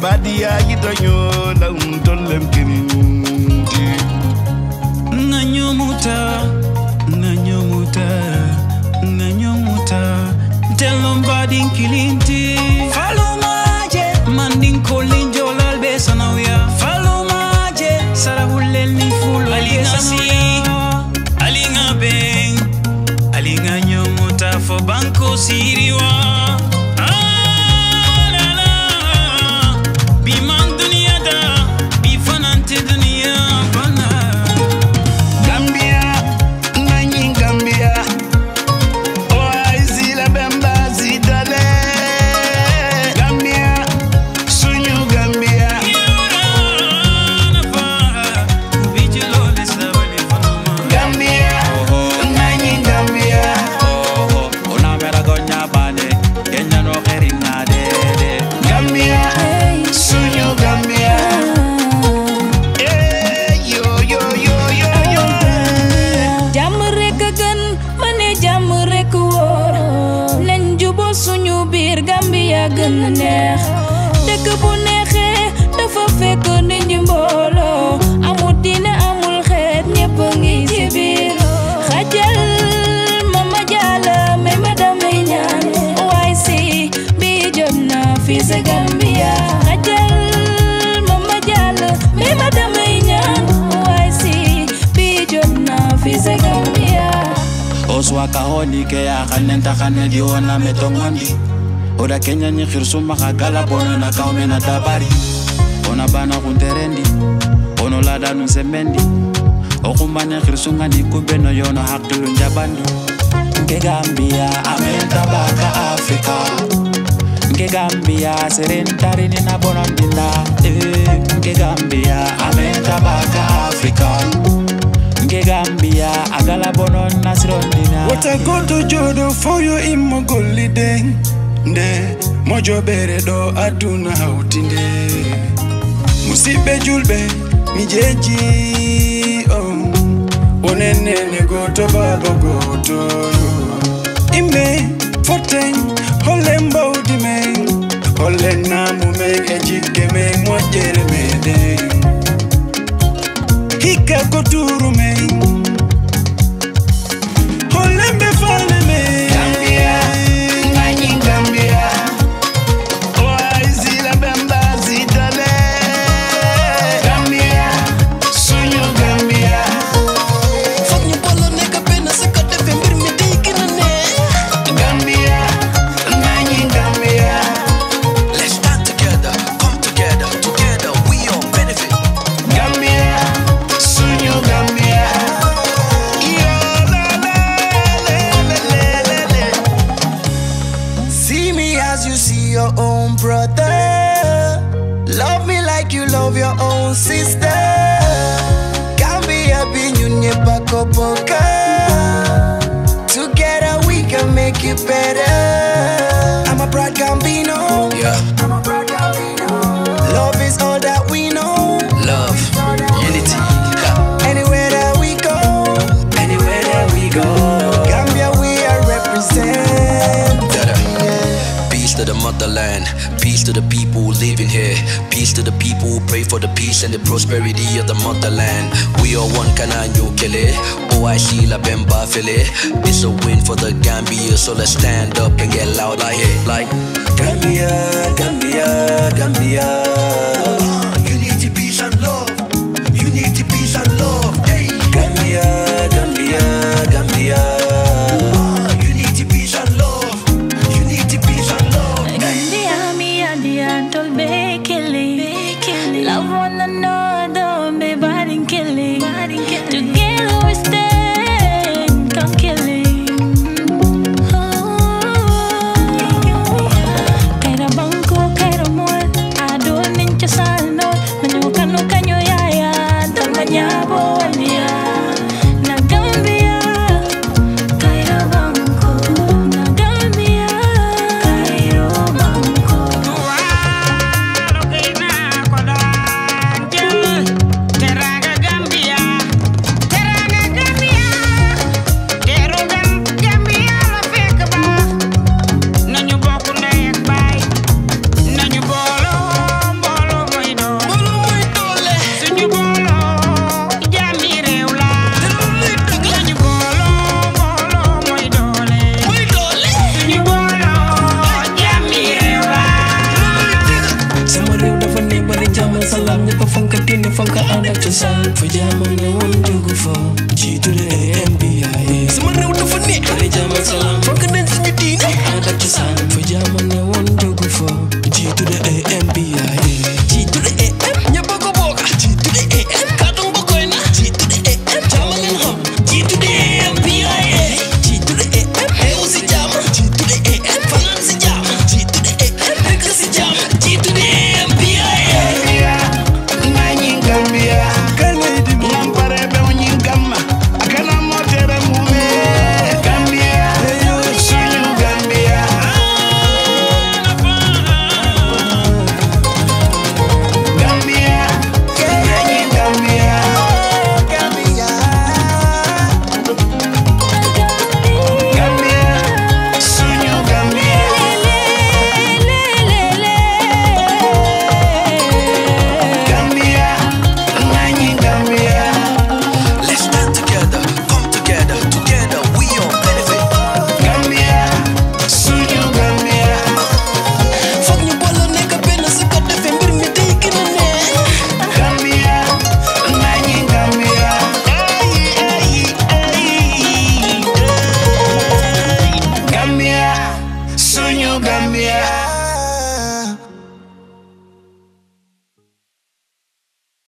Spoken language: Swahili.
badia la nanyo yidoyola umtolem keninti nanyomuta nanyomuta nanyomuta telombadin kilinti falumaje mandin kolinjolal be sanawya falumaje sarahullel ni ali nasi ali alinga ali nanyo muta fo banko siri gën a neex dëkk bu neexee dafa fekk nit ñi mbooloo amul diine amul xeet ñëpp ngi ci biir xajal ma ma jàlla may ma damay ñaan waay si bi jot na fii sa Gambia xajal ma ma jàlla may ma damay ñaan waay si bi jot na fii sa Gambia oswaka honi ke ya xanen taxane di wona metongandi oda kenya ni khirso magakala bona na kaomena tabari ona bana kunterendi ono lada nusemendi okumanya khirso ngani kumbe no yono hakilu njabandi ngegambia amentabaka afrika ngegambia serentarini na bona ndinda eh, ngegambia amentabaka afrika ngegambia agala bono nasirondina what i going to do for you in mongolideng nde mojo bere do aduna utinde musibe julbe mijeji oh onene ne goto babo goto imbe foten holembo dime olena mume gejike me mojere mede hika kotu make you love your own sister Can't be happy, Gambia binyunye pako poka Together we can make it better I'm a proud Gambino yeah. motherland. Peace to the people living here. Peace to the people who pray for the peace and the prosperity of the motherland. We are one Kananyo Kele. OIC La Bemba Fele. It's a win for the Gambia, so let's stand up and get loud like it. Like Gambia, Gambia, Gambia.